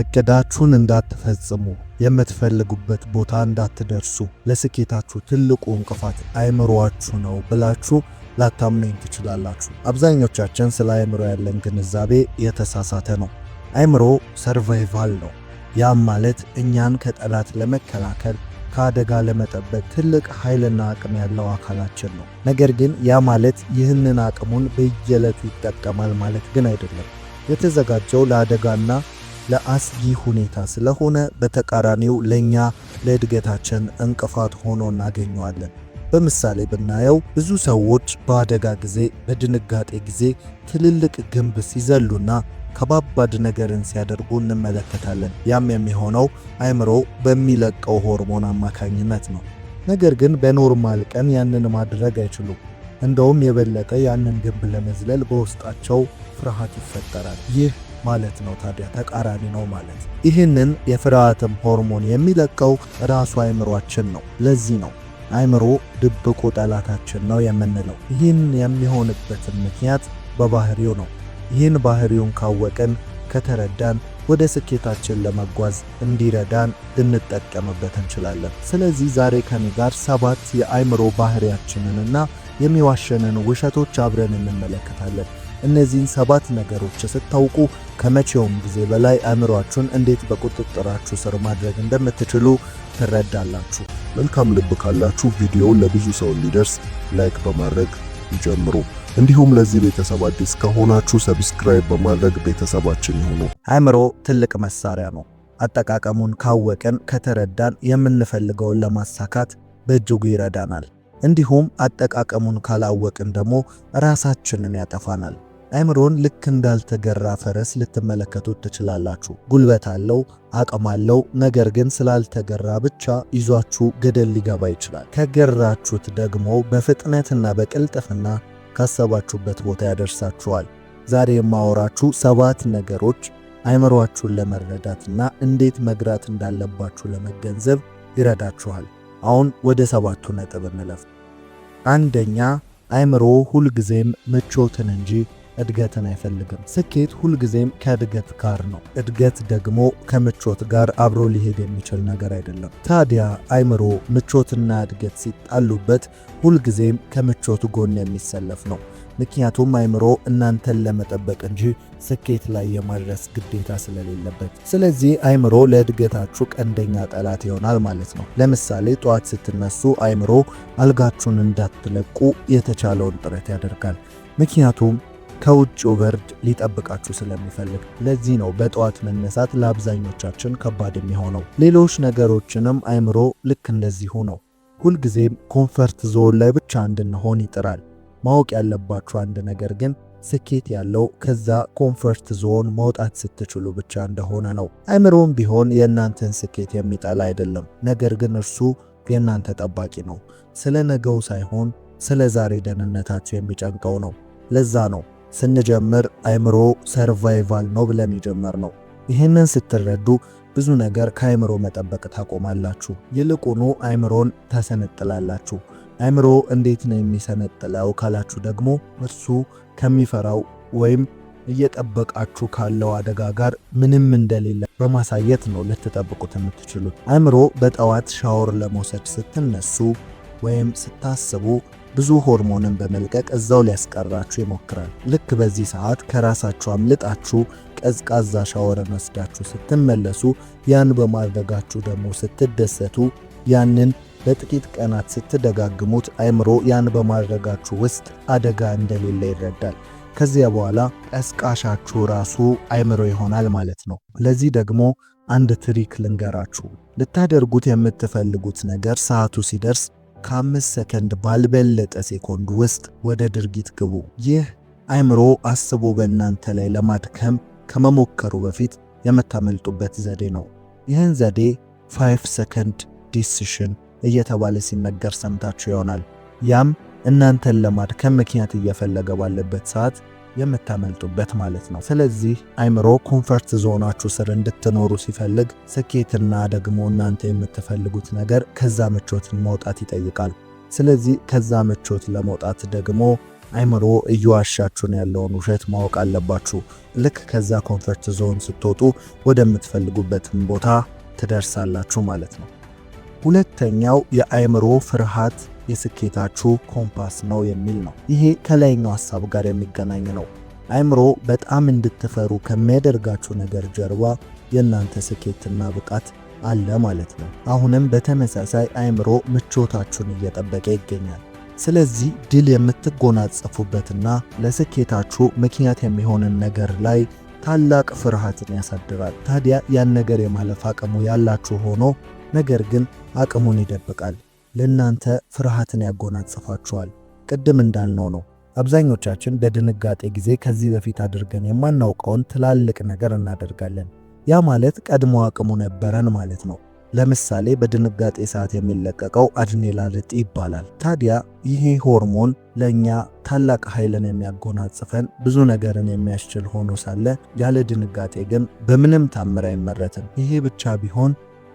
እቅዳችሁን እንዳትፈጽሙ፣ የምትፈልጉበት ቦታ እንዳትደርሱ፣ ለስኬታችሁ ትልቁ እንቅፋት አይምሯችሁ ነው ብላችሁ ላታምኑኝ ትችላላችሁ። አብዛኞቻችን ስለ አይምሮ ያለን ግንዛቤ የተሳሳተ ነው። አእምሮ ሰርቫይቫል ነው። ያም ማለት እኛን ከጠላት ለመከላከል ከአደጋ ለመጠበቅ ትልቅ ኃይልና አቅም ያለው አካላችን ነው። ነገር ግን ያ ማለት ይህንን አቅሙን በየዕለቱ ይጠቀማል ማለት ግን አይደለም። የተዘጋጀው ለአደጋና ለአስጊ ሁኔታ ስለሆነ በተቃራኒው ለኛ ለእድገታችን እንቅፋት ሆኖ እናገኘዋለን። በምሳሌ ብናየው ብዙ ሰዎች በአደጋ ጊዜ፣ በድንጋጤ ጊዜ ትልልቅ ግንብ ሲዘሉና ከባባድ ነገርን ሲያደርጉ እንመለከታለን። ያም የሚሆነው አእምሮ በሚለቀው ሆርሞን አማካኝነት ነው። ነገር ግን በኖርማል ቀን ያንን ማድረግ አይችሉም። እንደውም የበለጠ ያንን ግንብ ለመዝለል በውስጣቸው ፍርሃት ይፈጠራል። ይህ ማለት ነው። ታዲያ ተቃራኒ ነው ማለት ነው። ይህንን የፍርሃትም ሆርሞን የሚለቀው ራሱ አእምሯችን ነው። ለዚህ ነው አእምሮ ድብቁ ጠላታችን ነው የምንለው። ይህን የሚሆንበትን ምክንያት በባህሪው ነው። ይህን ባህሪውን ካወቅን ከተረዳን ወደ ስኬታችን ለመጓዝ እንዲረዳን ልንጠቀምበት እንችላለን። ስለዚህ ዛሬ ከኔ ጋር ሰባት የአእምሮ ባህሪያችንንና የሚዋሸንን ውሸቶች አብረን እንመለከታለን። እነዚህን ሰባት ነገሮች ስታውቁ ከመቼውም ጊዜ በላይ አእምሯችሁን እንዴት በቁጥጥራችሁ ስር ማድረግ እንደምትችሉ ትረዳላችሁ። መልካም ልብ ካላችሁ ቪዲዮ ለብዙ ሰው እንዲደርስ ላይክ በማድረግ ይጀምሩ። እንዲሁም ለዚህ ቤተሰብ አዲስ ከሆናችሁ ሰብስክራይብ በማድረግ ቤተሰባችን ይሁኑ። አእምሮ ትልቅ መሳሪያ ነው። አጠቃቀሙን ካወቅን ከተረዳን የምንፈልገውን ለማሳካት በእጅጉ ይረዳናል። እንዲሁም አጠቃቀሙን ካላወቅን ደግሞ ራሳችንን ያጠፋናል። አእምሮን ልክ እንዳልተገራ ፈረስ ልትመለከቱት ትችላላችሁ። ጉልበት አለው፣ አቅም አለው። ነገር ግን ስላልተገራ ብቻ ይዟችሁ ገደል ሊገባ ይችላል። ከገራችሁት ደግሞ በፍጥነትና በቅልጥፍና ካሰባችሁበት ቦታ ያደርሳችኋል። ዛሬ የማወራችሁ ሰባት ነገሮች አእምሮአችሁን ለመረዳትና እንዴት መግራት እንዳለባችሁ ለመገንዘብ ይረዳችኋል። አሁን ወደ ሰባቱ ነጥብ እንለፍ። አንደኛ አእምሮ ሁልጊዜም ምቾትን እንጂ እድገትን አይፈልግም። ስኬት ሁልጊዜም ከእድገት ጋር ነው። እድገት ደግሞ ከምቾት ጋር አብሮ ሊሄድ የሚችል ነገር አይደለም። ታዲያ አይምሮ ምቾትና እድገት ሲጣሉበት ሁልጊዜም ከምቾት ጎን የሚሰለፍ ነው። ምክንያቱም አይምሮ እናንተን ለመጠበቅ እንጂ ስኬት ላይ የማድረስ ግዴታ ስለሌለበት። ስለዚህ አይምሮ ለእድገታችሁ ቀንደኛ ጠላት ይሆናል ማለት ነው። ለምሳሌ ጠዋት ስትነሱ አይምሮ አልጋችሁን እንዳትለቁ የተቻለውን ጥረት ያደርጋል። ምክንያቱም ከውጭ ብርድ ሊጠብቃችሁ ስለሚፈልግ ለዚህ ነው በጠዋት መነሳት ለአብዛኞቻችን ከባድ የሚሆነው። ሌሎች ነገሮችንም አእምሮ ልክ እንደዚሁ ነው። ሁልጊዜም ኮንፈርት ዞን ላይ ብቻ እንድንሆን ይጥራል። ማወቅ ያለባችሁ አንድ ነገር ግን ስኬት ያለው ከዛ ኮንፈርት ዞን መውጣት ስትችሉ ብቻ እንደሆነ ነው። አእምሮም ቢሆን የእናንተን ስኬት የሚጠላ አይደለም። ነገር ግን እርሱ የእናንተ ጠባቂ ነው። ስለ ነገው ሳይሆን ስለ ዛሬ ደህንነታችሁ የሚጨንቀው ነው። ለዛ ነው ስንጀምር አይምሮ ሰርቫይቫል ነው ብለን የጀመር ነው። ይህንን ስትረዱ ብዙ ነገር ከአይምሮ መጠበቅ ታቆማላችሁ። ይልቁኑ አይምሮን ተሰነጥላላችሁ። አይምሮ እንዴት ነው የሚሰነጥለው ካላችሁ ደግሞ እርሱ ከሚፈራው ወይም እየጠበቃችሁ ካለው አደጋ ጋር ምንም እንደሌለ በማሳየት ነው ልትጠብቁት የምትችሉት። አይምሮ በጠዋት ሻወር ለመውሰድ ስትነሱ ወይም ስታስቡ ብዙ ሆርሞንን በመልቀቅ እዛው ሊያስቀራችሁ ይሞክራል። ልክ በዚህ ሰዓት ከራሳችሁ አምልጣችሁ ቀዝቃዛ ሻወርን ወስዳችሁ ስትመለሱ፣ ያን በማድረጋችሁ ደግሞ ስትደሰቱ፣ ያንን በጥቂት ቀናት ስትደጋግሙት አይምሮ ያን በማድረጋችሁ ውስጥ አደጋ እንደሌለ ይረዳል። ከዚያ በኋላ ቀስቃሻችሁ ራሱ አይምሮ ይሆናል ማለት ነው። ለዚህ ደግሞ አንድ ትሪክ ልንገራችሁ። ልታደርጉት የምትፈልጉት ነገር ሰዓቱ ሲደርስ ከአምስት ሰከንድ ባልበለጠ ሴኮንድ ውስጥ ወደ ድርጊት ግቡ። ይህ አእምሮ አስቦ በእናንተ ላይ ለማድከም ከመሞከሩ በፊት የምታመልጡበት ዘዴ ነው። ይህን ዘዴ 5 ሰከንድ ዲሲሽን እየተባለ ሲነገር ሰምታችሁ ይሆናል። ያም እናንተን ለማድከም ምክንያት እየፈለገ ባለበት ሰዓት የምታመልጡበት ማለት ነው። ስለዚህ አይምሮ ኮንፈርት ዞናችሁ ስር እንድትኖሩ ሲፈልግ ስኬትና ደግሞ እናንተ የምትፈልጉት ነገር ከዛ ምቾትን መውጣት ይጠይቃል። ስለዚህ ከዛ ምቾት ለመውጣት ደግሞ አይምሮ እየዋሻችሁን ያለውን ውሸት ማወቅ አለባችሁ። ልክ ከዛ ኮንፈርት ዞን ስትወጡ ወደምትፈልጉበትም ቦታ ትደርሳላችሁ ማለት ነው። ሁለተኛው የአይምሮ ፍርሃት የስኬታችሁ ኮምፓስ ነው የሚል ነው። ይሄ ከላይኛው ሀሳብ ጋር የሚገናኝ ነው። አእምሮ በጣም እንድትፈሩ ከሚያደርጋችሁ ነገር ጀርባ የእናንተ ስኬትና ብቃት አለ ማለት ነው። አሁንም በተመሳሳይ አእምሮ ምቾታችሁን እየጠበቀ ይገኛል። ስለዚህ ድል የምትጎናጸፉበትና ለስኬታችሁ ምክንያት የሚሆንን ነገር ላይ ታላቅ ፍርሃትን ያሳድራል። ታዲያ ያን ነገር የማለፍ አቅሙ ያላችሁ ሆኖ ነገር ግን አቅሙን ይደብቃል። ለእናንተ ፍርሃትን ያጎናጽፋችኋል። ቅድም እንዳልነው ነው። አብዛኞቻችን በድንጋጤ ጊዜ ከዚህ በፊት አድርገን የማናውቀውን ትላልቅ ነገር እናደርጋለን። ያ ማለት ቀድሞ አቅሙ ነበረን ማለት ነው። ለምሳሌ በድንጋጤ ሰዓት የሚለቀቀው አድሬናሊን ይባላል። ታዲያ ይሄ ሆርሞን ለእኛ ታላቅ ኃይልን የሚያጎናጽፈን ብዙ ነገርን የሚያስችል ሆኖ ሳለ ያለ ድንጋጤ ግን በምንም ታምር አይመረትም። ይሄ ብቻ ቢሆን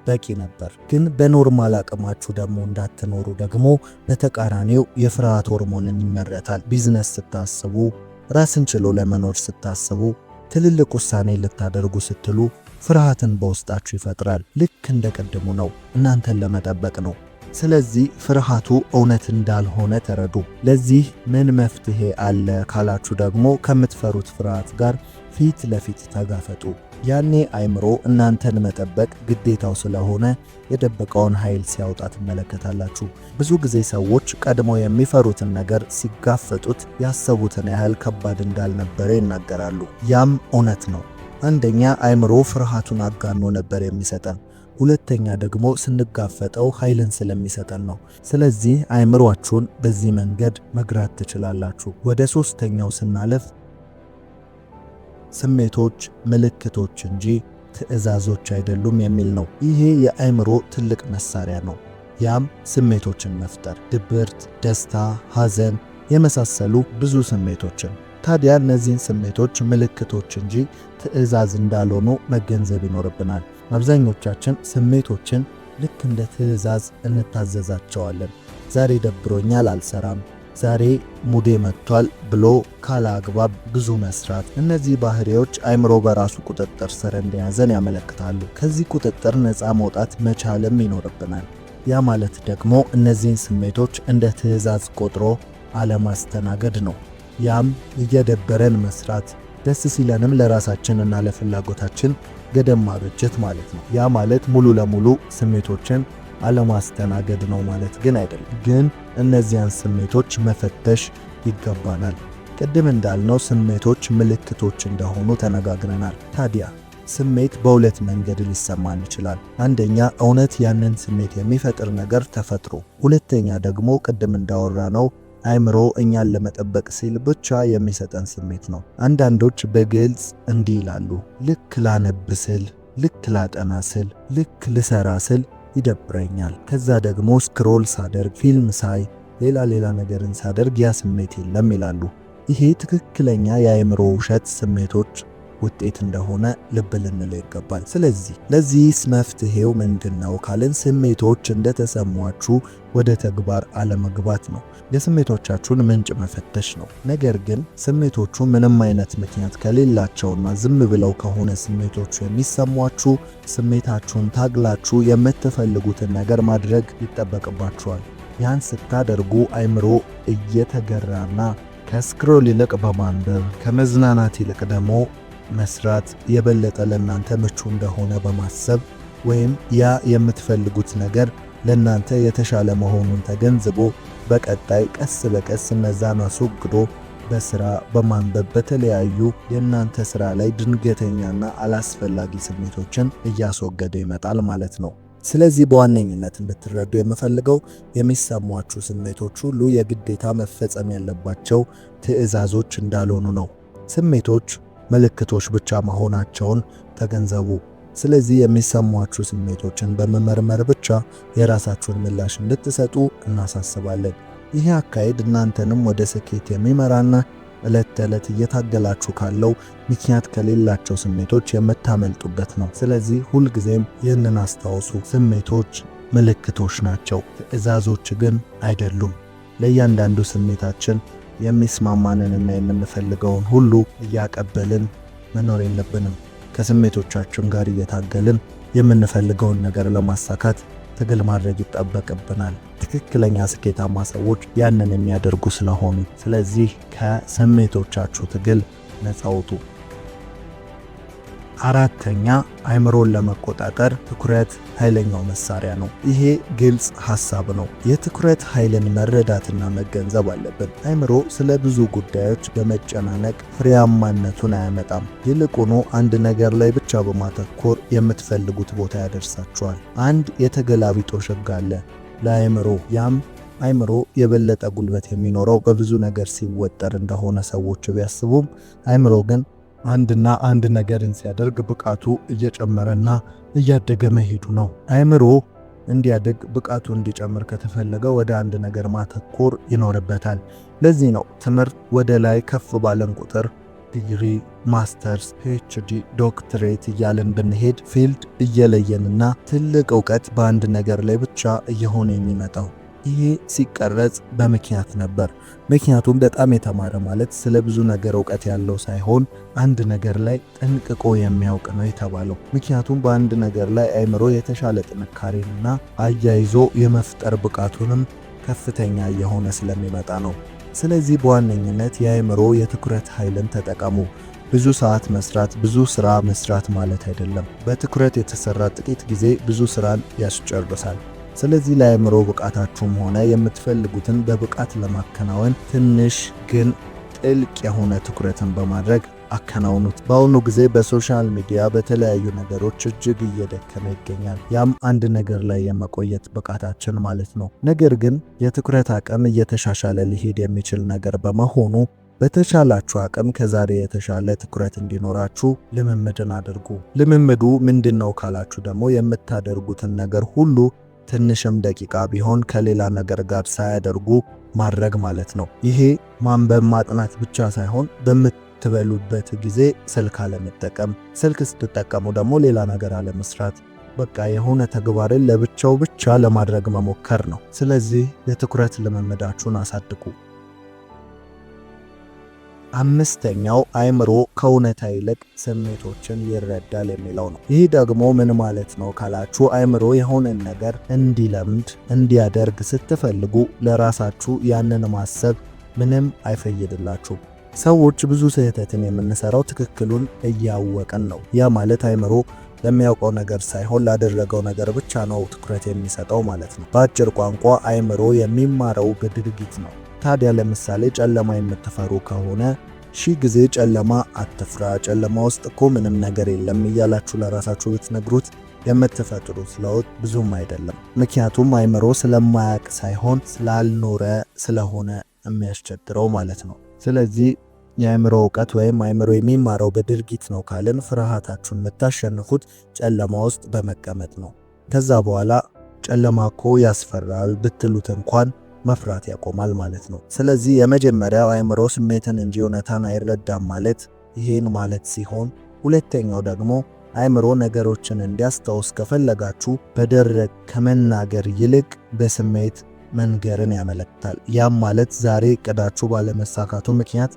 በቂ ነበር። ግን በኖርማል አቅማችሁ ደግሞ እንዳትኖሩ ደግሞ በተቃራኒው የፍርሃት ሆርሞንን ይመረታል። ቢዝነስ ስታስቡ፣ ራስን ችሎ ለመኖር ስታስቡ፣ ትልልቅ ውሳኔ ልታደርጉ ስትሉ ፍርሃትን በውስጣችሁ ይፈጥራል። ልክ እንደ ቅድሙ ነው፣ እናንተን ለመጠበቅ ነው። ስለዚህ ፍርሃቱ እውነት እንዳልሆነ ተረዱ። ለዚህ ምን መፍትሄ አለ ካላችሁ ደግሞ ከምትፈሩት ፍርሃት ጋር ፊት ለፊት ተጋፈጡ። ያኔ አይምሮ እናንተን መጠበቅ ግዴታው ስለሆነ የደበቀውን ኃይል ሲያወጣ ትመለከታላችሁ። ብዙ ጊዜ ሰዎች ቀድሞ የሚፈሩትን ነገር ሲጋፈጡት ያሰቡትን ያህል ከባድ እንዳልነበረ ይናገራሉ። ያም እውነት ነው። አንደኛ አይምሮ ፍርሃቱን አጋኖ ነበር የሚሰጠን። ሁለተኛ ደግሞ ስንጋፈጠው ኃይልን ስለሚሰጠን ነው። ስለዚህ አይምሯችሁን በዚህ መንገድ መግራት ትችላላችሁ። ወደ ሶስተኛው ስናለፍ ስሜቶች ምልክቶች እንጂ ትዕዛዞች አይደሉም የሚል ነው። ይሄ የአእምሮ ትልቅ መሳሪያ ነው። ያም ስሜቶችን መፍጠር፣ ድብርት፣ ደስታ፣ ሐዘን የመሳሰሉ ብዙ ስሜቶችን። ታዲያ እነዚህን ስሜቶች ምልክቶች እንጂ ትዕዛዝ እንዳልሆኑ መገንዘብ ይኖርብናል። አብዛኞቻችን ስሜቶችን ልክ እንደ ትዕዛዝ እንታዘዛቸዋለን። ዛሬ ደብሮኛል፣ አልሰራም ዛሬ ሙዴ መጥቷል ብሎ ካለአግባብ ብዙ መስራት። እነዚህ ባህሪዎች አይምሮ በራሱ ቁጥጥር ስር እንደያዘን ያመለክታሉ። ከዚህ ቁጥጥር ነፃ መውጣት መቻልም ይኖርብናል። ያ ማለት ደግሞ እነዚህን ስሜቶች እንደ ትዕዛዝ ቆጥሮ አለማስተናገድ ነው። ያም እየደበረን መስራት፣ ደስ ሲለንም ለራሳችንና ለፍላጎታችን ገደብ ማበጀት ማለት ነው። ያ ማለት ሙሉ ለሙሉ ስሜቶችን አለማስተናገድ ነው ማለት ግን አይደለም። ግን እነዚያን ስሜቶች መፈተሽ ይገባናል። ቅድም እንዳልነው ስሜቶች ምልክቶች እንደሆኑ ተነጋግረናል። ታዲያ ስሜት በሁለት መንገድ ሊሰማን ይችላል። አንደኛ እውነት ያንን ስሜት የሚፈጥር ነገር ተፈጥሮ፣ ሁለተኛ ደግሞ ቅድም እንዳወራ ነው አይምሮ እኛን ለመጠበቅ ሲል ብቻ የሚሰጠን ስሜት ነው። አንዳንዶች በግልጽ እንዲህ ይላሉ፣ ልክ ላነብ ስል፣ ልክ ላጠና ስል፣ ልክ ልሰራ ስል ይደብረኛል። ከዛ ደግሞ ስክሮል ሳደርግ፣ ፊልም ሳይ፣ ሌላ ሌላ ነገርን ሳደርግ ያ ስሜት የለም ይላሉ። ይሄ ትክክለኛ የአእምሮ ውሸት ስሜቶች ውጤት እንደሆነ ልብ ልንለው ይገባል። ስለዚህ ለዚህስ መፍትሄው ምንድን ነው ካልን ስሜቶች እንደተሰሟችሁ ወደ ተግባር አለመግባት ነው። የስሜቶቻችሁን ምንጭ መፈተሽ ነው። ነገር ግን ስሜቶቹ ምንም አይነት ምክንያት ከሌላቸውና ዝም ብለው ከሆነ ስሜቶቹ የሚሰሟችሁ ስሜታችሁን ታግላችሁ የምትፈልጉትን ነገር ማድረግ ይጠበቅባችኋል። ያን ስታደርጉ አይምሮ እየተገራና ከስክሮል ይልቅ በማንበብ ከመዝናናት ይልቅ ደግሞ መስራት የበለጠ ለእናንተ ምቹ እንደሆነ በማሰብ ወይም ያ የምትፈልጉት ነገር ለእናንተ የተሻለ መሆኑን ተገንዝቦ በቀጣይ ቀስ በቀስ እነዛን አስወግዶ በስራ በማንበብ በተለያዩ የእናንተ ስራ ላይ ድንገተኛና አላስፈላጊ ስሜቶችን እያስወገደ ይመጣል ማለት ነው። ስለዚህ በዋነኝነት እንድትረዱ የምፈልገው የሚሰሟችሁ ስሜቶች ሁሉ የግዴታ መፈጸም ያለባቸው ትዕዛዞች እንዳልሆኑ ነው። ስሜቶች ምልክቶች ብቻ መሆናቸውን ተገንዘቡ። ስለዚህ የሚሰሟችሁ ስሜቶችን በመመርመር ብቻ የራሳችሁን ምላሽ እንድትሰጡ እናሳስባለን። ይህ አካሄድ እናንተንም ወደ ስኬት የሚመራና ዕለት ተዕለት እየታገላችሁ ካለው ምክንያት ከሌላቸው ስሜቶች የምታመልጡበት ነው። ስለዚህ ሁልጊዜም ይህንን አስታውሱ። ስሜቶች ምልክቶች ናቸው፣ ትዕዛዞች ግን አይደሉም። ለእያንዳንዱ ስሜታችን የሚስማማንንና የምንፈልገውን ሁሉ እያቀበልን መኖር የለብንም። ከስሜቶቻችን ጋር እየታገልን የምንፈልገውን ነገር ለማሳካት ትግል ማድረግ ይጠበቅብናል። ትክክለኛ ስኬታማ ሰዎች ያንን የሚያደርጉ ስለሆኑ፣ ስለዚህ ከስሜቶቻችሁ ትግል ነጻ ውጡ። አራተኛ አይምሮን ለመቆጣጠር ትኩረት ኃይለኛው መሳሪያ ነው። ይሄ ግልጽ ሐሳብ ነው። የትኩረት ኃይልን መረዳትና መገንዘብ አለብን። አይምሮ ስለ ብዙ ጉዳዮች በመጨናነቅ ፍሬያማነቱን አያመጣም። ይልቁኑ አንድ ነገር ላይ ብቻ በማተኮር የምትፈልጉት ቦታ ያደርሳችኋል። አንድ የተገላቢጦ ሸጋ አለ ለአይምሮ ያም አይምሮ የበለጠ ጉልበት የሚኖረው በብዙ ነገር ሲወጠር እንደሆነ ሰዎች ቢያስቡም አይምሮ ግን አንድና አንድ ነገርን ሲያደርግ ብቃቱ እየጨመረና እያደገ መሄዱ ነው። አእምሮ እንዲያደግ ብቃቱ እንዲጨምር ከተፈለገ ወደ አንድ ነገር ማተኮር ይኖርበታል። ለዚህ ነው ትምህርት ወደ ላይ ከፍ ባለን ቁጥር ዲግሪ፣ ማስተርስ፣ ፒኤችዲ፣ ዶክትሬት እያለን ብንሄድ ፊልድ እየለየንና ትልቅ እውቀት በአንድ ነገር ላይ ብቻ እየሆነ የሚመጣው። ይሄ ሲቀረጽ በምክንያት ነበር። ምክንያቱም በጣም የተማረ ማለት ስለ ብዙ ነገር እውቀት ያለው ሳይሆን አንድ ነገር ላይ ጠንቅቆ የሚያውቅ ነው የተባለው። ምክንያቱም በአንድ ነገር ላይ አይምሮ የተሻለ ጥንካሬንና አያይዞ የመፍጠር ብቃቱንም ከፍተኛ እየሆነ ስለሚመጣ ነው። ስለዚህ በዋነኝነት የአይምሮ የትኩረት ኃይልን ተጠቀሙ። ብዙ ሰዓት መስራት ብዙ ስራ መስራት ማለት አይደለም። በትኩረት የተሰራ ጥቂት ጊዜ ብዙ ስራን ያስጨርሳል። ስለዚህ ለአእምሮ ብቃታችሁም ሆነ የምትፈልጉትን በብቃት ለማከናወን ትንሽ ግን ጥልቅ የሆነ ትኩረትን በማድረግ አከናውኑት። በአሁኑ ጊዜ በሶሻል ሚዲያ በተለያዩ ነገሮች እጅግ እየደከመ ይገኛል። ያም አንድ ነገር ላይ የመቆየት ብቃታችን ማለት ነው። ነገር ግን የትኩረት አቅም እየተሻሻለ ሊሄድ የሚችል ነገር በመሆኑ በተሻላችሁ አቅም ከዛሬ የተሻለ ትኩረት እንዲኖራችሁ ልምምድን አድርጉ። ልምምዱ ምንድን ነው ካላችሁ ደግሞ የምታደርጉትን ነገር ሁሉ ትንሽም ደቂቃ ቢሆን ከሌላ ነገር ጋር ሳያደርጉ ማድረግ ማለት ነው። ይሄ ማንበብ ማጥናት ብቻ ሳይሆን በምትበሉበት ጊዜ ስልክ አለመጠቀም፣ ስልክ ስትጠቀሙ ደግሞ ሌላ ነገር አለመስራት፣ በቃ የሆነ ተግባርን ለብቻው ብቻ ለማድረግ መሞከር ነው። ስለዚህ የትኩረት ልምምዳችሁን አሳድጉ። አምስተኛው አእምሮ ከእውነታ ይልቅ ስሜቶችን ይረዳል የሚለው ነው። ይህ ደግሞ ምን ማለት ነው ካላችሁ አእምሮ የሆነን ነገር እንዲለምድ እንዲያደርግ ስትፈልጉ ለራሳችሁ ያንን ማሰብ ምንም አይፈይድላችሁም። ሰዎች ብዙ ስህተትን የምንሰራው ትክክሉን እያወቅን ነው። ያ ማለት አእምሮ ለሚያውቀው ነገር ሳይሆን ላደረገው ነገር ብቻ ነው ትኩረት የሚሰጠው ማለት ነው። በአጭር ቋንቋ አእምሮ የሚማረው በድርጊት ነው። ታዲያ ለምሳሌ ጨለማ የምትፈሩ ከሆነ ሺህ ጊዜ ጨለማ አትፍራ፣ ጨለማ ውስጥ እኮ ምንም ነገር የለም እያላችሁ ለራሳችሁ ብትነግሩት የምትፈጥሩት ለውጥ ብዙም አይደለም። ምክንያቱም አይምሮ ስለማያቅ ሳይሆን ስላልኖረ ስለሆነ የሚያስቸግረው ማለት ነው። ስለዚህ የአእምሮ እውቀት ወይም አይምሮ የሚማረው በድርጊት ነው ካልን ፍርሃታችሁን የምታሸንፉት ጨለማ ውስጥ በመቀመጥ ነው። ከዛ በኋላ ጨለማ እኮ ያስፈራል ብትሉት እንኳን መፍራት ያቆማል ማለት ነው። ስለዚህ የመጀመሪያው አእምሮ ስሜትን እንጂ እውነታን አይረዳም ማለት ይህን ማለት ሲሆን፣ ሁለተኛው ደግሞ አእምሮ ነገሮችን እንዲያስታውስ ከፈለጋችሁ በደረቅ ከመናገር ይልቅ በስሜት መንገርን ያመለክታል። ያም ማለት ዛሬ እቅዳችሁ ባለመሳካቱ ምክንያት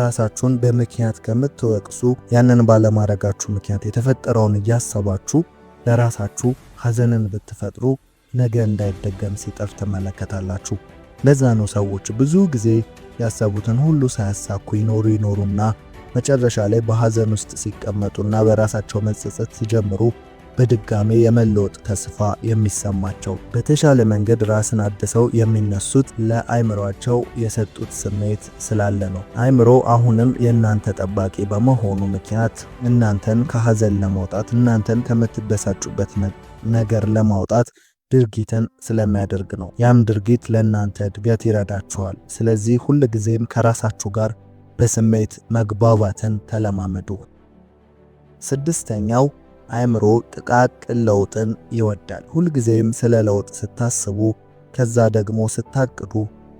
ራሳችሁን በምክንያት ከምትወቅሱ ያንን ባለማድረጋችሁ ምክንያት የተፈጠረውን እያሰባችሁ ለራሳችሁ ሐዘንን ብትፈጥሩ ነገ እንዳይደገም ሲጠፍ ትመለከታላችሁ። ለዛ ነው ሰዎች ብዙ ጊዜ ያሰቡትን ሁሉ ሳያሳኩ ይኖሩ ይኖሩና መጨረሻ ላይ በሐዘን ውስጥ ሲቀመጡና በራሳቸው መጸጸት ሲጀምሩ በድጋሜ የመለወጥ ተስፋ የሚሰማቸው በተሻለ መንገድ ራስን አድሰው የሚነሱት ለአይምሯቸው የሰጡት ስሜት ስላለ ነው። አይምሮ አሁንም የእናንተ ጠባቂ በመሆኑ ምክንያት እናንተን ከሐዘን ለማውጣት እናንተን ከምትበሳጩበት ነገር ለማውጣት ድርጊትን ስለሚያደርግ ነው። ያም ድርጊት ለእናንተ እድገት ይረዳችኋል። ስለዚህ ሁል ጊዜም ከራሳችሁ ጋር በስሜት መግባባትን ተለማመዱ። ስድስተኛው አእምሮ ጥቃቅን ለውጥን ይወዳል። ሁልጊዜም ስለ ለውጥ ስታስቡ፣ ከዛ ደግሞ ስታቅዱ፣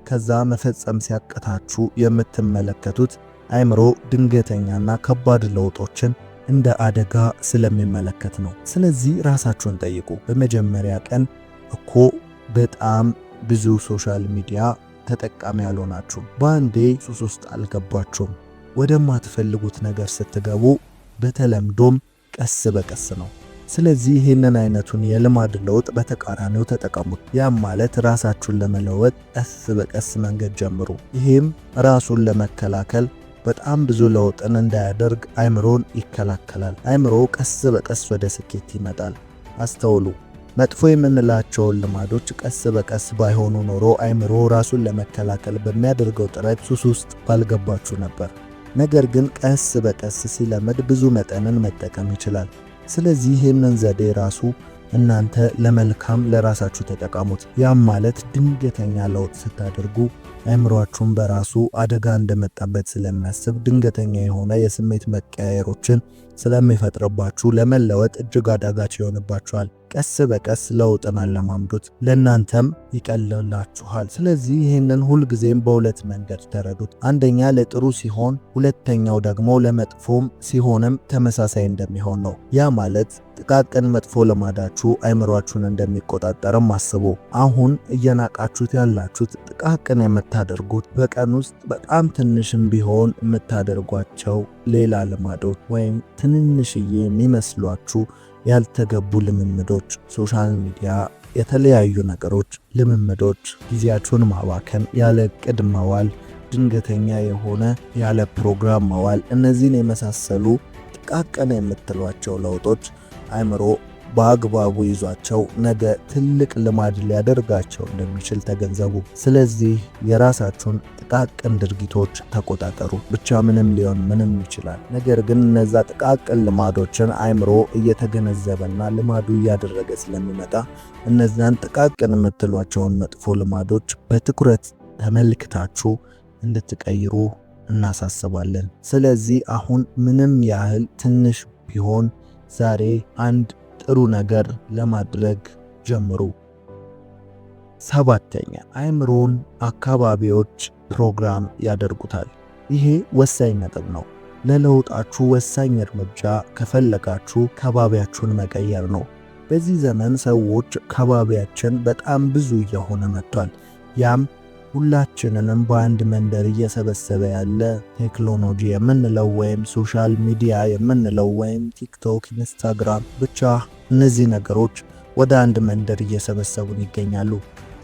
ከዛ መፈጸም ሲያቅታችሁ የምትመለከቱት አእምሮ ድንገተኛና ከባድ ለውጦችን እንደ አደጋ ስለሚመለከት ነው። ስለዚህ ራሳችሁን ጠይቁ። በመጀመሪያ ቀን እኮ በጣም ብዙ ሶሻል ሚዲያ ተጠቃሚ ያልሆናችሁም፣ በአንዴ ሱስ ውስጥ አልገባችሁም። ወደማትፈልጉት ነገር ስትገቡ በተለምዶም ቀስ በቀስ ነው። ስለዚህ ይህንን አይነቱን የልማድ ለውጥ በተቃራኒው ተጠቀሙት። ያም ማለት ራሳችሁን ለመለወጥ ቀስ በቀስ መንገድ ጀምሩ። ይህም ራሱን ለመከላከል በጣም ብዙ ለውጥን እንዳያደርግ አእምሮን ይከላከላል። አእምሮ ቀስ በቀስ ወደ ስኬት ይመጣል። አስተውሉ። መጥፎ የምንላቸውን ልማዶች ቀስ በቀስ ባይሆኑ ኖሮ አእምሮ ራሱን ለመከላከል በሚያደርገው ጥረት ሱስ ውስጥ ባልገባችሁ ነበር። ነገር ግን ቀስ በቀስ ሲለመድ ብዙ መጠንን መጠቀም ይችላል። ስለዚህ ይህንን ዘዴ ራሱ እናንተ ለመልካም ለራሳችሁ ተጠቃሙት ያም ማለት ድንገተኛ ለውጥ ስታደርጉ አእምሯችሁን በራሱ አደጋ እንደመጣበት ስለሚያስብ ድንገተኛ የሆነ የስሜት መቀያየሮችን ስለሚፈጥርባችሁ ለመለወጥ እጅግ አዳጋች ይሆንባችኋል። ቀስ በቀስ ለውጥን አለማምዱት ለእናንተም ይቀልላችኋል። ስለዚህ ይህንን ሁልጊዜም በሁለት መንገድ ተረዱት። አንደኛ ለጥሩ ሲሆን፣ ሁለተኛው ደግሞ ለመጥፎም ሲሆንም ተመሳሳይ እንደሚሆን ነው። ያ ማለት ጥቃቅን መጥፎ ልማዳችሁ አይምሯችሁን እንደሚቆጣጠርም አስቡ። አሁን እየናቃችሁት ያላችሁት ጥቃቅን የምታደርጉት በቀን ውስጥ በጣም ትንሽም ቢሆን የምታደርጓቸው ሌላ ልማዶች ወይም ትንንሽዬ የሚመስሏችሁ ያልተገቡ ልምምዶች፣ ሶሻል ሚዲያ፣ የተለያዩ ነገሮች ልምምዶች፣ ጊዜያችሁን ማባከን፣ ያለ እቅድ መዋል፣ ድንገተኛ የሆነ ያለ ፕሮግራም መዋል፣ እነዚህን የመሳሰሉ ጥቃቅን የምትሏቸው ለውጦች አይምሮ በአግባቡ ይዟቸው ነገ ትልቅ ልማድ ሊያደርጋቸው እንደሚችል ተገንዘቡ። ስለዚህ የራሳችሁን ጥቃቅን ድርጊቶች ተቆጣጠሩ። ብቻ ምንም ሊሆን ምንም ይችላል። ነገር ግን እነዛ ጥቃቅን ልማዶችን አይምሮ እየተገነዘበና ልማዱ እያደረገ ስለሚመጣ እነዛን ጥቃቅን የምትሏቸውን መጥፎ ልማዶች በትኩረት ተመልክታችሁ እንድትቀይሩ እናሳስባለን። ስለዚህ አሁን ምንም ያህል ትንሽ ቢሆን ዛሬ አንድ ጥሩ ነገር ለማድረግ ጀምሩ። ሰባተኛ አእምሮን አካባቢዎች ፕሮግራም ያደርጉታል። ይሄ ወሳኝ ነጥብ ነው። ለለውጣችሁ ወሳኝ እርምጃ ከፈለጋችሁ ከባቢያችሁን መቀየር ነው። በዚህ ዘመን ሰዎች ከባቢያችን በጣም ብዙ እየሆነ መጥቷል። ያም ሁላችንንም በአንድ መንደር እየሰበሰበ ያለ ቴክኖሎጂ የምንለው ወይም ሶሻል ሚዲያ የምንለው ወይም ቲክቶክ፣ ኢንስታግራም ብቻ እነዚህ ነገሮች ወደ አንድ መንደር እየሰበሰቡን ይገኛሉ።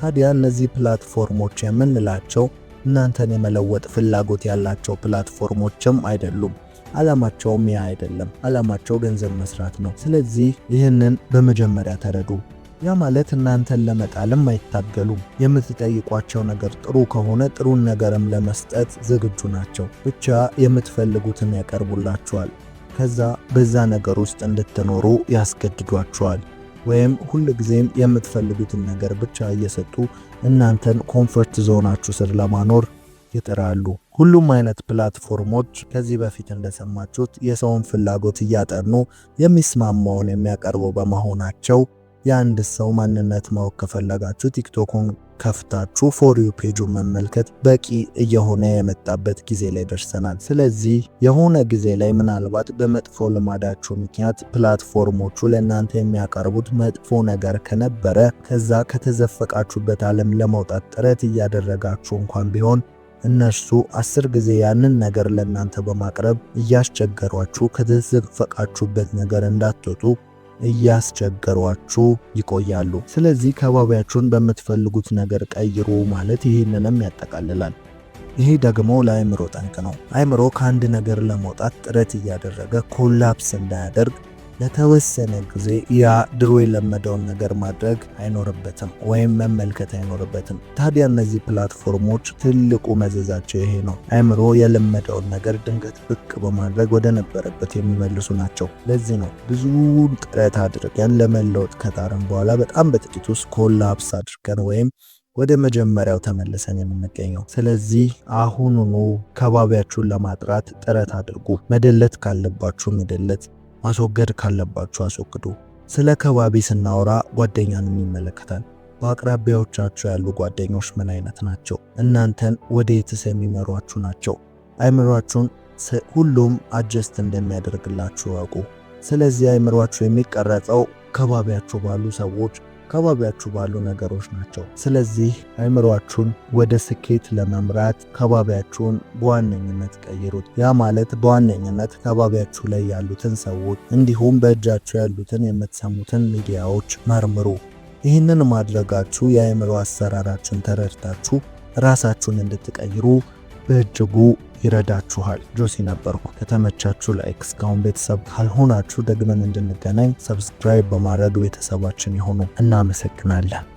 ታዲያ እነዚህ ፕላትፎርሞች የምንላቸው እናንተን የመለወጥ ፍላጎት ያላቸው ፕላትፎርሞችም አይደሉም። ዓላማቸውም ያ አይደለም። ዓላማቸው ገንዘብ መስራት ነው። ስለዚህ ይህንን በመጀመሪያ ተረዱ። ያ ማለት እናንተን ለመጣልም አይታገሉም። የምትጠይቋቸው ነገር ጥሩ ከሆነ ጥሩን ነገርም ለመስጠት ዝግጁ ናቸው። ብቻ የምትፈልጉትን ያቀርቡላችኋል። ከዛ በዛ ነገር ውስጥ እንድትኖሩ ያስገድዷችኋል። ወይም ሁል ጊዜም የምትፈልጉትን ነገር ብቻ እየሰጡ እናንተን ኮምፎርት ዞናችሁ ስር ለማኖር ይጥራሉ። ሁሉም አይነት ፕላትፎርሞች ከዚህ በፊት እንደሰማችሁት የሰውን ፍላጎት እያጠኑ የሚስማማውን የሚያቀርቡ በመሆናቸው የአንድ ሰው ማንነት ማወቅ ከፈለጋችሁ ቲክቶኩን ከፍታችሁ ፎር ዩ ፔጁን መመልከት በቂ እየሆነ የመጣበት ጊዜ ላይ ደርሰናል። ስለዚህ የሆነ ጊዜ ላይ ምናልባት በመጥፎ ልማዳችሁ ምክንያት ፕላትፎርሞቹ ለእናንተ የሚያቀርቡት መጥፎ ነገር ከነበረ ከዛ ከተዘፈቃችሁበት ዓለም ለመውጣት ጥረት እያደረጋችሁ እንኳን ቢሆን እነሱ አስር ጊዜ ያንን ነገር ለእናንተ በማቅረብ እያስቸገሯችሁ ከተዘፈቃችሁበት ነገር እንዳትወጡ እያስቸገሯችሁ ይቆያሉ። ስለዚህ ከባቢያችሁን በምትፈልጉት ነገር ቀይሩ ማለት ይህንንም ያጠቃልላል። ይህ ደግሞ ለአእምሮ ጠንቅ ነው። አእምሮ ከአንድ ነገር ለመውጣት ጥረት እያደረገ ኮላፕስ እንዳያደርግ ለተወሰነ ጊዜ ያ ድሮ የለመደውን ነገር ማድረግ አይኖርበትም ወይም መመልከት አይኖርበትም። ታዲያ እነዚህ ፕላትፎርሞች ትልቁ መዘዛቸው ይሄ ነው። አእምሮ የለመደውን ነገር ድንገት ብቅ በማድረግ ወደ ነበረበት የሚመልሱ ናቸው። ለዚህ ነው ብዙ ጥረት አድርገን ለመለወጥ ከጣርን በኋላ በጣም በጥቂት ውስጥ ኮላፕስ አድርገን ወይም ወደ መጀመሪያው ተመልሰን የምንገኘው። ስለዚህ አሁኑኑ ከባቢያችሁን ለማጥራት ጥረት አድርጉ። መደለት ካለባችሁ መደለት ማስወገድ ካለባችሁ አስወግዱ። ስለ ከባቢ ስናወራ ጓደኛንም ይመለከታል። በአቅራቢያዎቻችሁ ያሉ ጓደኞች ምን አይነት ናቸው? እናንተን ወደየትስ የሚመሯችሁ ናቸው? አይምሯችሁን ሁሉም አጀስት እንደሚያደርግላችሁ አውቁ። ስለዚህ አይምሯችሁ የሚቀረጸው ከባቢያችሁ ባሉ ሰዎች በአካባቢያችሁ ባሉ ነገሮች ናቸው። ስለዚህ አይምሯችሁን ወደ ስኬት ለመምራት ከባቢያችሁን በዋነኝነት ቀይሩት። ያ ማለት በዋነኝነት ከባቢያችሁ ላይ ያሉትን ሰዎች እንዲሁም በእጃችሁ ያሉትን የምትሰሙትን ሚዲያዎች መርምሩ። ይህንን ማድረጋችሁ የአይምሮ አሰራራችን ተረድታችሁ ራሳችሁን እንድትቀይሩ በእጅጉ ይረዳችኋል። ጆሲ ነበርኩ። ከተመቻችሁ ላይክ፣ እስካሁን ቤተሰብ ካልሆናችሁ ደግመን እንድንገናኝ ሰብስክራይብ በማድረግ ቤተሰባችን የሆኑ እናመሰግናለን።